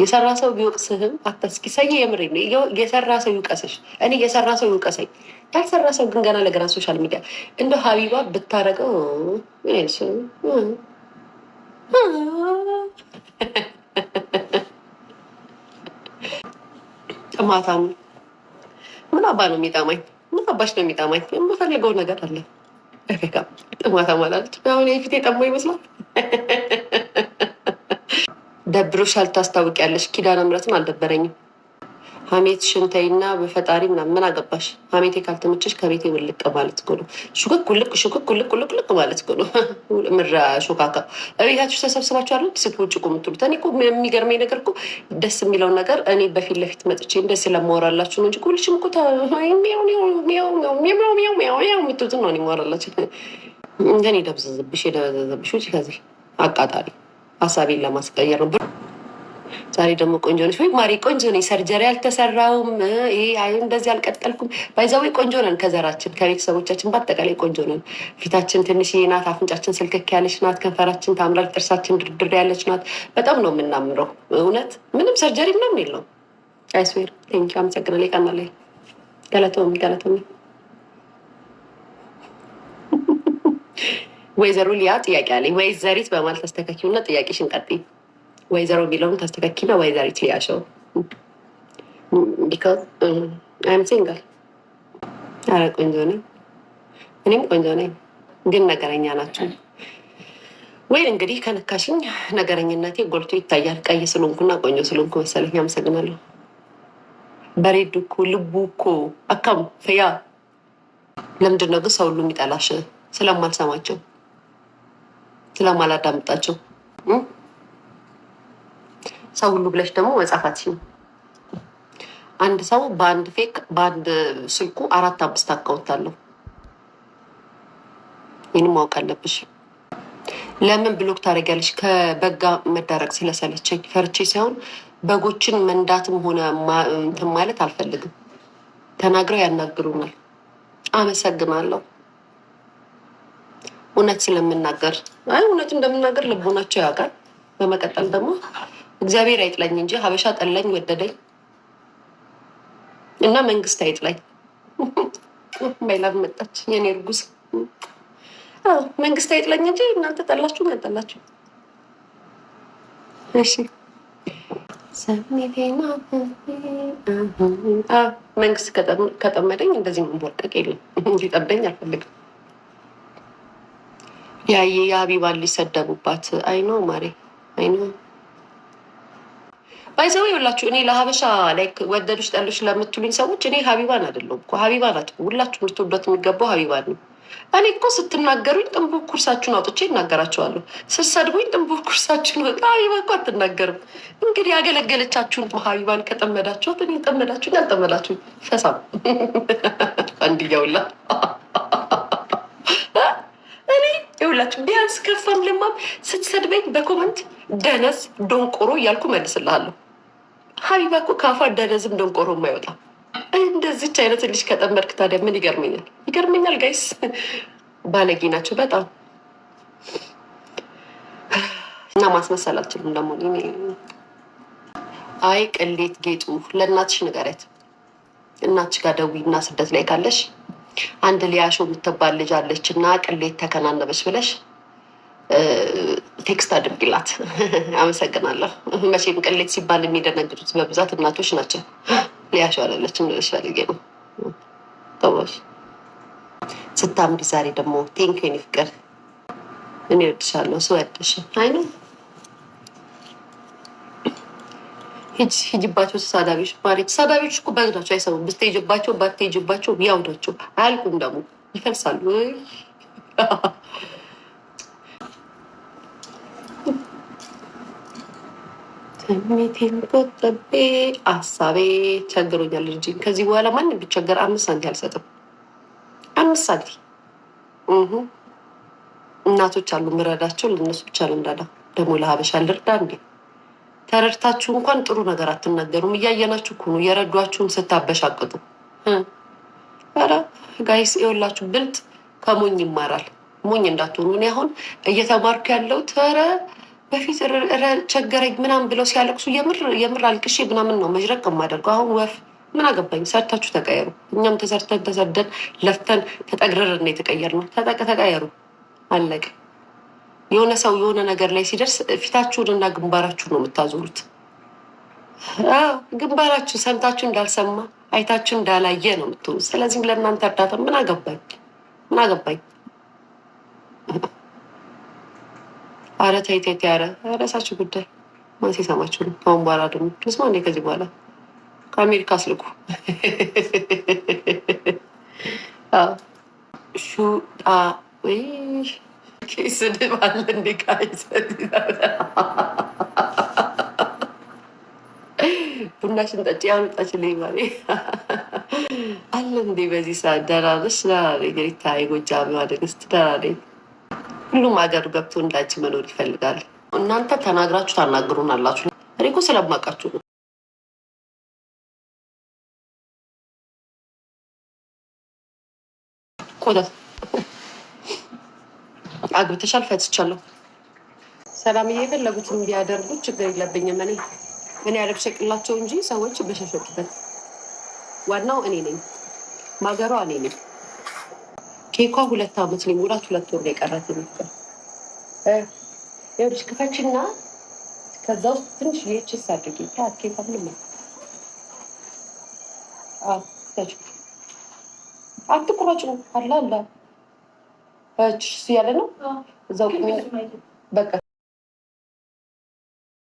የሰራ ሰው ቢወቅስህም አታስኪሰኝ። የምሬ ነው። የሰራ ሰው ይውቀስሽ። እኔ የሰራ ሰው ይውቀሰኝ። ያልሰራ ሰው ግን ገና ለገና ሶሻል ሚዲያ እንደ ሀቢባ ብታረገው ጥማታ ነው። ምን አባ ነው የሚጠማኝ? ምን አባሽ ነው የሚጠማኝ? የምፈልገው ነገር አለ። ጥማታ ማለት አሁን የፊት የጠማ ይመስላል ደብሮሻል ታስታውቂያለሽ። ኪዳነ ምሕረትን አልደበረኝም። ሀሜት ሽንተይና በፈጣሪ ምናምን ምን አገባሽ? ሀሜቴ ካልተመቸሽ ከቤቴ ውልቅ ማለት እኮ ነው። ሹክክ ውልቅ፣ ሹክክ ውልቅ፣ ውልቅ ልቅ ማለት እኮ ነው። ምራ ሾካካ እቤታችሁ ተሰብስባችሁ አለ ስትውጭ እኮ የምትሉት። እኔ እኮ የሚገርመኝ ነገር እኮ ደስ የሚለው ነገር እኔ በፊት ለፊት መጥቼ እንደ ስለማወራላችሁ ነው እንጂ ሁልሽም እኮ የምትሉትን ነው እኔ እንደኔ ደብዘዘብሽ የደበዘዝብሽ ውጭ ከዚህ አቃጣሪ ሀሳቤን ለማስቀየር ነው። ዛሬ ደግሞ ቆንጆ ነች ወይ ማሪ? ቆንጆ ነኝ። ሰርጀሪ አልተሰራውም። ይሄ እንደዚህ አልቀጠልኩም። ባይዛዊ ቆንጆ ነን። ከዘራችን ከቤተሰቦቻችን በአጠቃላይ ቆንጆ ነን። ፊታችን ትንሽዬ ናት። አፍንጫችን ስልክክ ያለች ናት። ከንፈራችን ታምራል። ጥርሳችን ድርድር ያለች ናት። በጣም ነው የምናምረው። እውነት ምንም ሰርጀሪ ምንም የለውም። አይስዌር ቴንኪ አመሰግናለሁ። ቀና ላይ ገለቶም ገለቶም ወይዘሮ ሊያ ጥያቄ አለኝ። ወይዘሪት በማለት ተስተካኪውና ጥያቄሽን ቀጥይ። ወይዘሮ የሚለውን ተስተካኪና ወይዘሪት ሊያ ሸው ቢካዝ አይም ሲንግል። ቆንጆ ነኝ፣ እኔም ቆንጆ ነኝ፣ ግን ነገረኛ ናቸው ወይ እንግዲህ ከነካሽኝ ነገረኝነቴ ጎልቶ ይታያል። ቀይ ስሉንኩና ቆንጆ ስሉንኩ መሰለኝ። አመሰግናለሁ። በሬድ እኮ ልቡ እኮ አካም ፈያ። ለምንድን ሰውሉ ግን ሰው ሁሉ የሚጠላሽ? ስለማልሰማቸው ስለማላዳምጣቸው ሰው ሁሉ ብለሽ ደግሞ መጻፋት አንድ ሰው በአንድ ፌክ በአንድ ስልኩ አራት አምስት አካውንት አለው። ይህንም ማወቅ አለብሽ። ለምን ብሎክ ታደርጊያለሽ? ከበጋ መዳረቅ ስለሰለቸኝ ፈርቼ ሳይሆን በጎችን መንዳትም ሆነ እንትን ማለት አልፈልግም። ተናግረው ያናግሩናል። አመሰግናለሁ። እውነት ስለምናገር አይ እውነት እንደምናገር ልቦናቸው ያውቃል። በመቀጠል ደግሞ እግዚአብሔር አይጥለኝ እንጂ ሀበሻ ጠላኝ ወደደኝ እና መንግስት አይጥለኝ። ማይላብ መጣች የኔ እርጉዝ። መንግስት አይጥለኝ እንጂ እናንተ ጠላችሁ ጠላችሁ። እሺ መንግስት ከጠመደኝ እንደዚህ መንቦርቀቅ የለም። እንዲጠብደኝ አልፈልግም። ያየ የሀቢባን ሊሰደቡባት አይኖ ማሬ አይኖ ባይዘው ይኸውላችሁ፣ እኔ ለሀበሻ ላይክ ወደዶች ጠሎች ለምትሉኝ ሰዎች እኔ ሀቢባን አይደለሁም እኮ ሀቢባን ናት። ሁላችሁ ልትወዷት የሚገባው ሀቢባን ነው። እኔ እኮ ስትናገሩኝ ጥንቡ ኩርሳችሁን አውጥቼ ይናገራቸዋሉ። ስትሰድቡኝ ጥንቡ ኩርሳችሁን ወጣ። ሀቢባ እኮ አትናገርም። እንግዲህ ያገለገለቻችሁን ሀቢባን ከጠመዳችሁት እኔ ጠመዳችሁኝ አልጠመዳችሁኝ ፈሳም አንድያውላ ታውቃላችሁ። ቢያንስ ከፋም ለማም ስትሰድበኝ በኮመንት ደነዝ ዶንቆሮ እያልኩ መልስልሃለሁ። ሀቢባ እኮ ከአፋ ደነዝም ዶንቆሮ የማይወጣ እንደዚች አይነት ልጅ ከጠመድክ ታዲያ ምን ይገርመኛል? ይገርመኛል። ጋይስ ባለጌ ናቸው በጣም እና ማስመሰል አልችልም። ደግሞ አይ ቅሌት ጌጡ ለእናትሽ ንገሪያት። እናትሽ ጋር ደውዪ እና ስደት ላይ ካለሽ አንድ ሊያሾ የምትባል ልጅ አለች እና ቅሌት ተከናነበች ብለሽ ቴክስት አድርጊላት። አመሰግናለሁ። መቼም ቅሌት ሲባል የሚደነግጡት በብዛት እናቶች ናቸው። ሊያሾ አለለች ልልሽ ፈልጌ ነው። ስታምሪ ዛሬ ደግሞ ቴንኪ ኔ ፍቅር እኔ እወድሻለሁ ስወድሽ አይነ ሄጅባቸው ሂጅባቸው ተሳዳቢዎች ማለት ተሳዳቢዎች እኮ በግዳቸው አይሰሩም። ብትሄጅባቸው ባትሄጅባቸው ያው አያልቁም ደግሞ ይፈልሳሉ። ስሜቴን ቆጠቤ አሳቤ ቸግሮኛል እንጂ ከዚህ በኋላ ማንም ቢቸገር አምስት ሳንቲ አልሰጥም። አምስት ሳንቲ እናቶች አሉ ምረዳቸው፣ ለእነሱ ብቻ ልንዳዳ ደግሞ ለሀበሻ ልርዳ እንዴ? ተረድታችሁ እንኳን ጥሩ ነገር አትናገሩም። እያየናችሁ እኮ ነው የረዷችሁን ስታበሻቅጡ። ኧረ ጋይስ ይኸውላችሁ ብልጥ ከሞኝ ይማራል። ሞኝ እንዳትሆኑ። እኔ አሁን እየተማርኩ ያለው ተረ በፊት ቸገረኝ ምናምን ብለው ሲያለቅሱ የምር አልቅሼ ምናምን ነው መዥረቅ የማደርገው። አሁን ወፍ ምን አገባኝ። ሰርታችሁ ተቀየሩ። እኛም ተሰርተን ተሰርደን ለፍተን ተጠግረርን ነው። ተጠቅ ተቀየሩ አለቀ። የሆነ ሰው የሆነ ነገር ላይ ሲደርስ ፊታችሁንና ግንባራችሁ ነው የምታዞሩት። ግንባራችሁ ሰምታችሁ እንዳልሰማ አይታችሁ እንዳላየ ነው የምትሆኑ። ስለዚህም ለእናንተ እርዳታ ምን አገባኝ ምን አገባኝ። አረ ተይ ተይ ተይ፣ አረ ራሳችሁ ጉዳይ ማን ሲሰማችሁ ነው? ከአሁን በኋላ ደግሞ ምስማ እንደ ከዚህ በኋላ ከአሜሪካ አስልኩ ወይ ስድብ አለ እንዴ? ቡናሽን ጠጪ ያመጣችልኝ ማሬ አለ እንዴ? በዚህ ሰዓት ደራረሽ ደራሬ ጌታ የጎጃም ማደግስት ደራሬ። ሁሉም ሀገር ገብቶ እንዳንቺ መኖር ይፈልጋል። እናንተ ተናግራችሁ ታናግሩን አላችሁ። እኔ እኮ ስለማውቃችሁ ነው። ቆዳ አግብተሻል፣ ፈትቻለሁ። ሰላም የፈለጉትን ቢያደርጉት ችግር የለብኝም። እኔ እኔ ያለብሸቅላቸው እንጂ ሰዎች በሸሸጡበት ዋናው እኔ ነኝ፣ ማገሯ እኔ ነኝ። ኬኳ ሁለት ዓመት ሊሞላት ሁለት ወር የቀረት ነበር። ይኸውልሽ ክፈችና ከዛ ውስጥ ትንሽ የችስ አድርጊ። ኬኳ ምንም አትቁረጭ ነው አላ አላ እሱ ያለ ነው እዛው ቁሚ በቃ